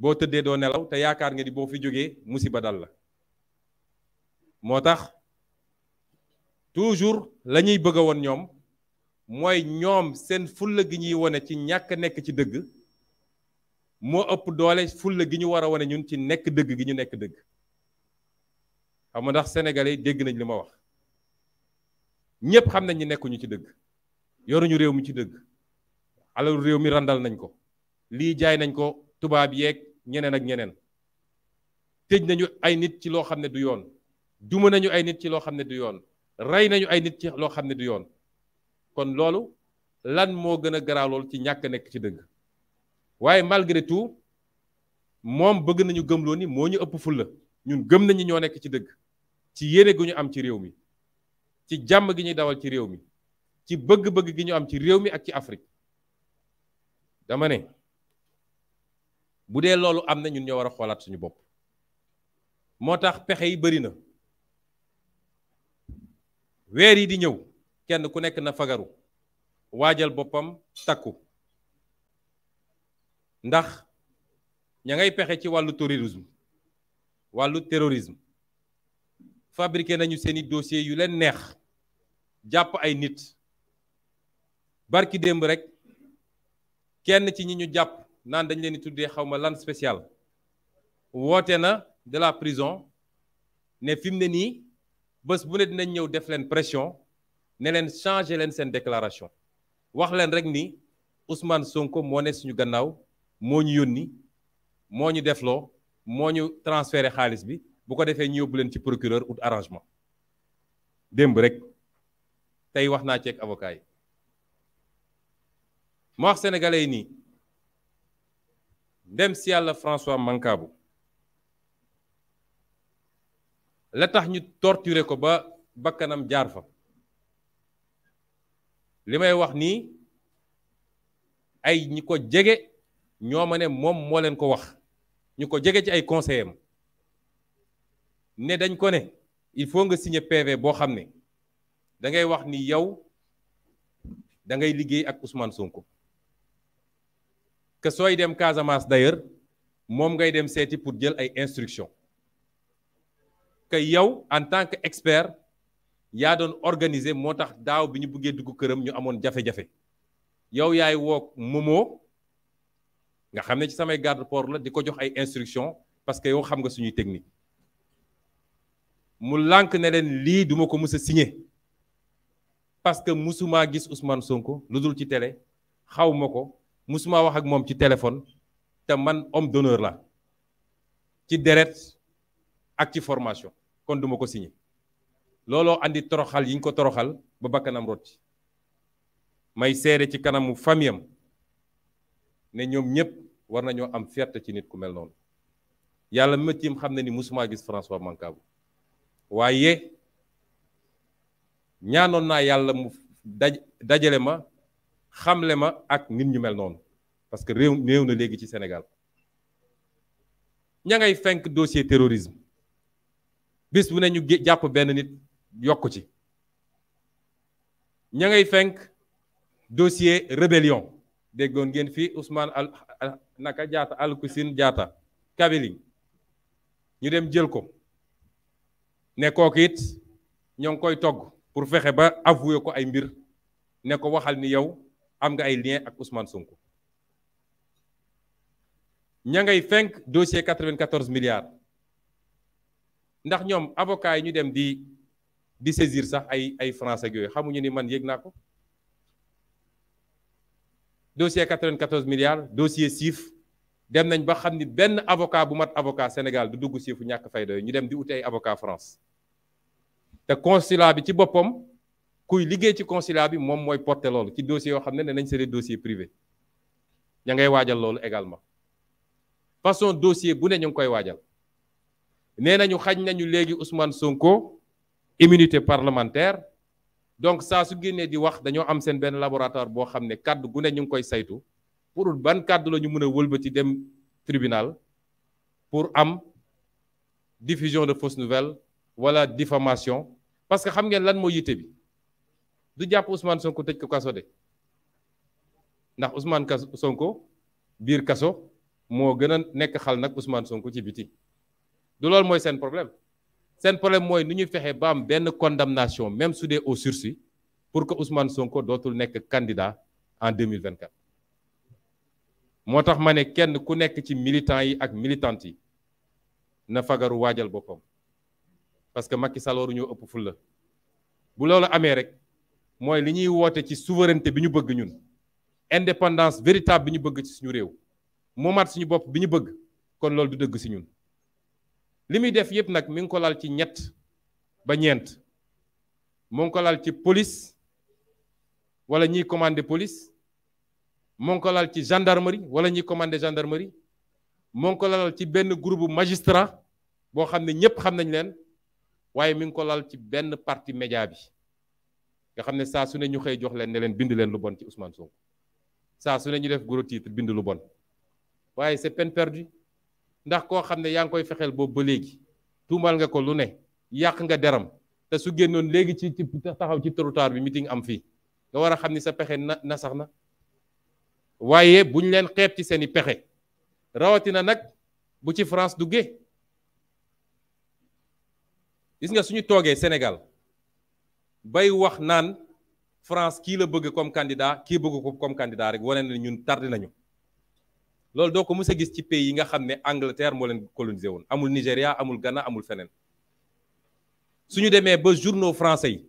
boo tëddee doo nelaw te yaakaar nga di boo fi jógee musiba dal la moo tax toujours la ñuy bëgg woon ñoom mooy ñoom seen fulla gi ñuy wane ci ñàkk nekk ci dëgg moo ëpp doole fulla gi ñu war a wane ñun ci nekk dëgg gi ñu nekk dëgg xam nga ndax sénégalais dégg nañ li ma wax ñépp xam nañ ñu nekkuñu ci dëgg yoruñu réew mi ci dëgg alalu réew mi randal nañ ko lii jaay nañ ko tubaab yeeg ñeneen ak ñeneen tëj nañu ay nit ci loo xam ne du yoon duma nañu ay nit ci loo xam ne du yoon rey nañu ay nit ci loo xam ne du yoon kon loolu lan moo gën a garaaw lool ci ñàkk nekk ci dëgg waaye malgré tout moom bëgg nañu gëmloo ni moo ñu ëpp fulla ñun gëm nañu ñoo nekk ci dëgg ci yéene gu ñu am ci réew mi ci jàmm gi ñuy dawal ci réew mi ci bëgg-bëgg gi ñu am ci réew mi ak ci Afrique dama ne bu dee loolu am na ñun ñoo war a xoolaat suñu bopp moo tax pexe yi bëri na weer yi di ñëw kenn ku nekk na fagaru waajal boppam takku ndax ña ngay pexe ci wàllu terrorisme wàllu terrorisme fabriqué nañu seeni dossier yu leen neex jàpp ay nit barki démb rekk kenn ci ñi ñu jàpp naan dañ leen di tuddee xaw ma lan spécial woote na de la prison ne fi mu ne nii bés bu ne dinañ ñëw def leen pression ne leen changer leen seen déclaration wax leen rek ni Ousmane Sonko moo ne suñu gannaaw moo ñu yónni moo ñu defloo moo ñu transfere xaalis bi bu ko defee ñu yóbbu leen ci procureur ou arrangement démb rek tey wax naa ci ak avocat yi ma nii. dem si yàlla François Mancabou la tax ñu torturer ko ba bakkanam jaar fa li may wax nii ay ñi ko jege ñoo ma ne moom moo leen ko wax ñu ko jege ci ay conseillers am ne dañ ko ne il faut nga signer PV boo xam ne da ngay wax ni yow da ngay liggéey ak Ousmane Sonko. que sooy dem Casamance d'ailleurs moom ngay dem seeti pour jël ay instructions ka yow en tant que expert yaa doon organiser moo tax daaw bi ñu buggee dugg këram ñu amoon jafe-jafe yow yaay wook momoo nga xam ne ci samay garde port la di ko jox ay instructions parce que yow xam nga suñuy technique mu lànk ne leen lii duma ko mës a signer parce que mësumaa gis sun ko lu dul ci télé xaw ma ko. musuma wax ak moom ci téléphone te man om d'honneur la ci deret ak ci formation kon duma ko signé looloo andi toroxal yiñ ko toroxal ba bakkanam rot ci may seede ci kanamu famiyam ne ñoom ñëpp war nañoo am fierté ci nit ku mel noonu yàlla métiim xam ne ni musuma gis François Mancabou waaye ñaanoon naa yàlla mu daj dajale ma xamle ma ak nit ñu mel noonu parce que réew néew na léegi ci senegal ña ngay fenk dossier terrorisme bis bu ne ñu jàpp benn nit yokk ci ña ngay fenk dossier rébellion déggoon ngeen fii Ousmane al naka jaata Alkusin jaata Kabiling ñu dem jël ko ne kooku it ñoo ngi koy togg pour fexe ba avoué ko ay mbir ne ko waxal ni yow am nga ay lien ak Ousmane Sonko ña ngay fenk dossier 94 milliards ndax ñoom avocat yi ñu dem di di saisir sax ay ay français ak yooyu xamuñu ni man yéeg naa ko dossier 94 milliards dossier siif dem nañ ba xam ni benn avocat bu mat avocat Sénégal du dugg siifu ñàkk fayda yooyu ñu dem di uti ay avocat France te consulat bi ci boppam kuy liggéey ci consulat bi moom mooy porter loolu ci dossiers yoo xam ne nañ c'est des dossiers privés ña ngay waajal loolu également façon dossier bu ne ñu ngi koy waajal nee nañu xañ nañu léegi Ousmane Sonko immunité parlementaire donc saa su génnee di wax dañoo am seen benn laboratoire boo xam ne kàddu gu ne ñu ngi koy saytu pour ban kàddu la ñu mën a wëlbati dem tribunal pour am diffusion de fausses nouvelle wala diffamation parce que xam ngeen lan moo yite bi du jàpp Ousmane Sonko tëj ko kaso de ndax Ousmane Sonko biir kaso moo gën a nekk xal nag Ousmane Sonko ci biti du loolu mooy seen problème seen problème mooy nu ñu fexe baam benn condamnation même su dee au sursis pour que Ousmane Sonko dootul nekk candidat en 2024 moo tax ma ne kenn ku nekk ci militants yi ak militantes yi na fagaru waajal boppam parce que Macky Sall waruñoo ëpp fulla bu loolu amee rek mooy li ñuy woote ci souveraineté bi ñu bëgg ñun indépendance véritable bi ñu bëgg ci suñu réew moomaat suñu bopp bi ñu bëgg kon loolu du dëgg si ñun li muy def yépp nag mi ngi ko lal ci ñett ba ñeent mu ngi ko lal ci police wala ñiy commandé police mu ngi ko lal ci gendarmerie wala ñii commandé gendarmerie mu ngi ko lal ci benn groupe magistrat boo xam ne ñépp xam nañ leen waaye mi ngi ko lal ci benn partie média bi nga xam ne saa su ne ñu xëy jox leen ne leen bind leen lu bon ci Ousmane Sonko saa su ne ñu def gros titre bind lu bon waaye c'est perdu ndax koo xam ne yaa ngi koy fexeel boobu ba léegi tuumal nga ko lu ne yàq nga deram te su génnoon léegi ci ci taxaw ci trottoir bi meeting am fii nga war a xam ni sa pexe na na sax na waaye bu ñu leen xeeb ci seen i pexe rawatina nag bu ci France dugge gis nga suñu toogee Sénégal. bay wax naan France kii la bëgg comme candidat kii bëgg ko comme candidat rek wane na ñun tardé nañu loolu doo ko mës gis ci pays yi nga xam ne Angleterre moo leen colonisé woon amul Nigéria amul Ghana amul feneen suñu demee ba journaux français yi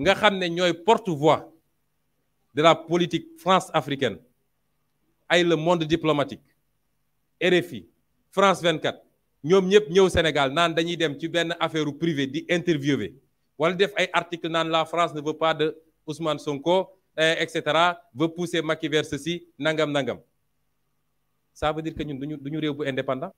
nga xam ne ñooy porte-voix de la politique France africaine ay le monde diplomatique RFI France 24 ñoom ñëpp ñëw Sénégal naan dañuy dem ci benn affaire privé di interviewer wala def ay article naan la France ne veut pas de Ousmane Sonko et cetera veut pousser Macky vers ceci nangam nangam ça veut dire que ñun duñu duñu réew bu indépendant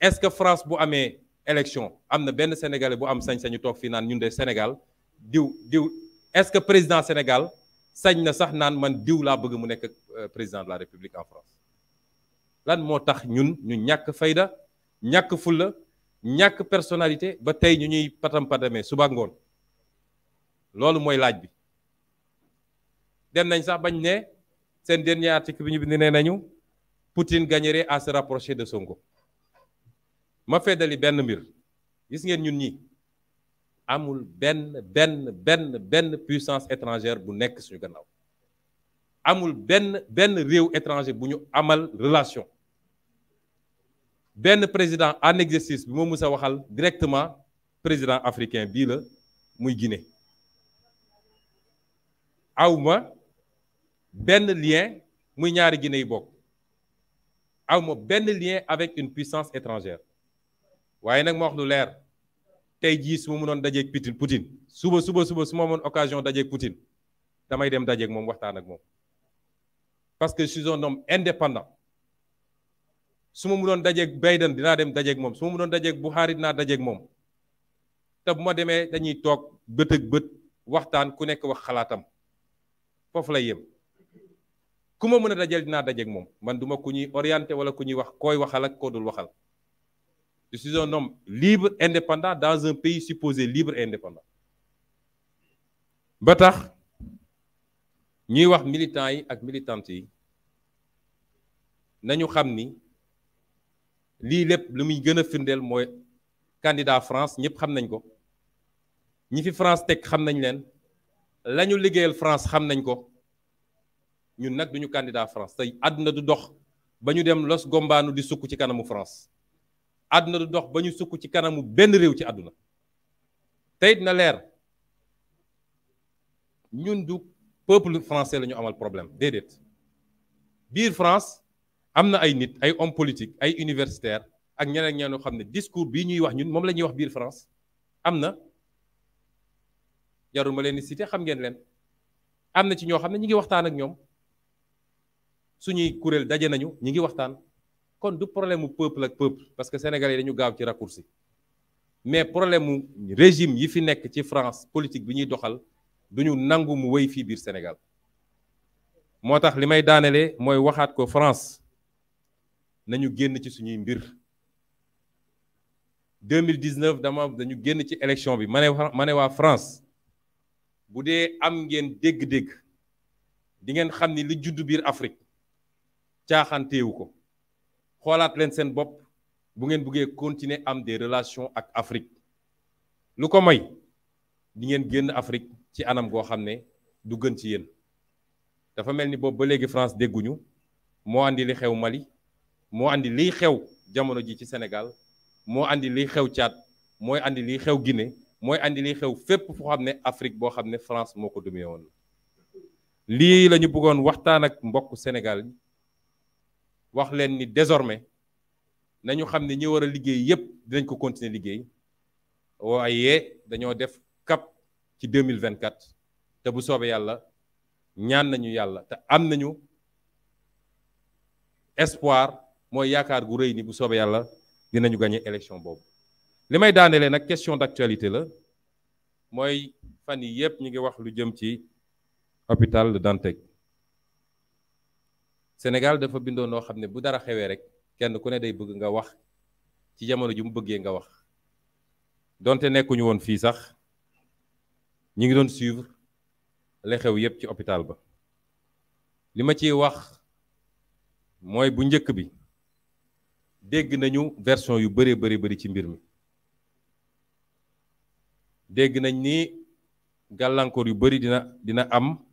est-ce que France bu amee élection am na benn sénégalais bu am sañ-sañu toog fii naan ñun de Sénégal diw diw est-ce que président Sénégal sañ na sax naan man diw laa bëgg mu nekk euh, président de la République en France lan moo tax ñun ñu ñàkk fayda ñàkk fulla ñàkk personnalité ba tey ñu ñuy patam patamee suba ngoon loolu mooy laaj bi dem nañ sax bañ ne seen dernier article bi ñu bind nee nañu Poutine gagnerait à se rapprocher de songo ma feddali benn mbir gis ngeen ñun ñi amul benn benn benn benn puissance étrangère bu nekk suñu gannaaw amul benn benn réew étranger bu ñu amal relation benn président en exercice bi moo mus a waxal directement président africain bii la muy gine awma benn lien muy ñaari Guinée yu bokk awma benn lien avec une puissance étrangère waaye nag ma wax lu leer tey jii su ma doon dajeeg Poutine Poutine suba suba suba su ma amoon occasion dajeeg Poutine damay dem dajeeg moom waxtaan ak moom parce que je suis indépendant su ma mu doon dajeeg Biden dinaa dem dajeeg moom su ma mënoon dajeeg Buhari dinaa dajeeg moom te bu ma demee dañuy toog bët ak bët waxtaan ku nekk wax xalaatam foofu lay yem ku ma mën a dajeel dinaa dajeeg moom man duma ku ñuy orienté wala ku ñuy wax kooy waxal ak koo dul waxal je suis un homme libre indépendant dans un pays supposé libre et ba tax ñuy wax militants yi ak militantes yi nañu xam ni lii lépp lu muy gën a firndeel mooy candidat France ñëpp xam nañ ko ñi fi France teg xam nañ leen lañu liggéeyal France xam nañ ko ñun nag duñu candidat France te àdduna du dox ba ñu dem los gombaanu di sukk ci kanamu France àdduna du dox ba ñu sukk ci kanamu benn réew ci àdduna teyit na leer ñun du peuple français la ñu amal problème déedéet biir France am na ay nit ay homme politique ay universitaire ak ñeneen ñoo xam ne discours bii ñuy wax ñun moom la ñuy wax biir France am na jarul ma leen di cité xam ngeen leen am na ci ñoo xam ne ñu ngi waxtaan ak ñoom suñuy kuréel daje nañu ñu ngi waxtaan kon du problème mu peuple ak peuple parce que yi dañu gaaw ci raccourci mais problème mu régime yi fi nekk ci France politique bi ñuy doxal duñu nangu mu wéy fii biir Sénégal moo tax li may daanelee mooy waxaat ko France. nañu génn ci suñuy mbir 2019 dama dañu génn ci élection bi ma ne ma ne waa France bu dee am ngeen dégg-dégg di ngeen xam ni li juddu biir Afrique caaxantewu ko xoolaat leen seen bopp bu ngeen buggee continuer am de relation ak Afrique lu ko may di ngeen génn Afrique ci anam goo xam ne du gën ci yéen dafa mel ni boobu ba léegi France dégguñu moo andi li xew Mali moo andi liy xew jamono ji ci senegal moo indi liy xew caat mooy indi liy xew Guinée mooy indi liy xew fépp foo xam ne Afrique boo xam ne France moo ko dumee woon lii lañu bëggoon waxtaan ak mbokk senegal wax leen ni désormais nañu xam ne ñi war a liggéey yépp dinañ ko continuer liggéey waaye dañoo def kap ci 2024 te bu soobe yàlla ñaan nañu yàlla te am nañu espoir mooy yaakaar gu rëy ni bu soobee yàlla dinañu gagné élection boobu. li may daanelee nag question d'actualité la mooy fan yi yëpp ñu ngi wax lu jëm ci hôpital de Dantec Sénégal dafa bindoon noo xam ne bu dara xewee rek kenn ku ne day bëgg nga wax ci jamono ji mu bëggee nga wax donte nekkuñu woon fii sax ñu ngi doon suivre li xew yëpp ci hôpital ba li ma ciy wax mooy bu njëkk bi dégg nañu version yu baree baree bëri ci mbir mi dégg nañ ni gàllankoor yu bëri dina dina am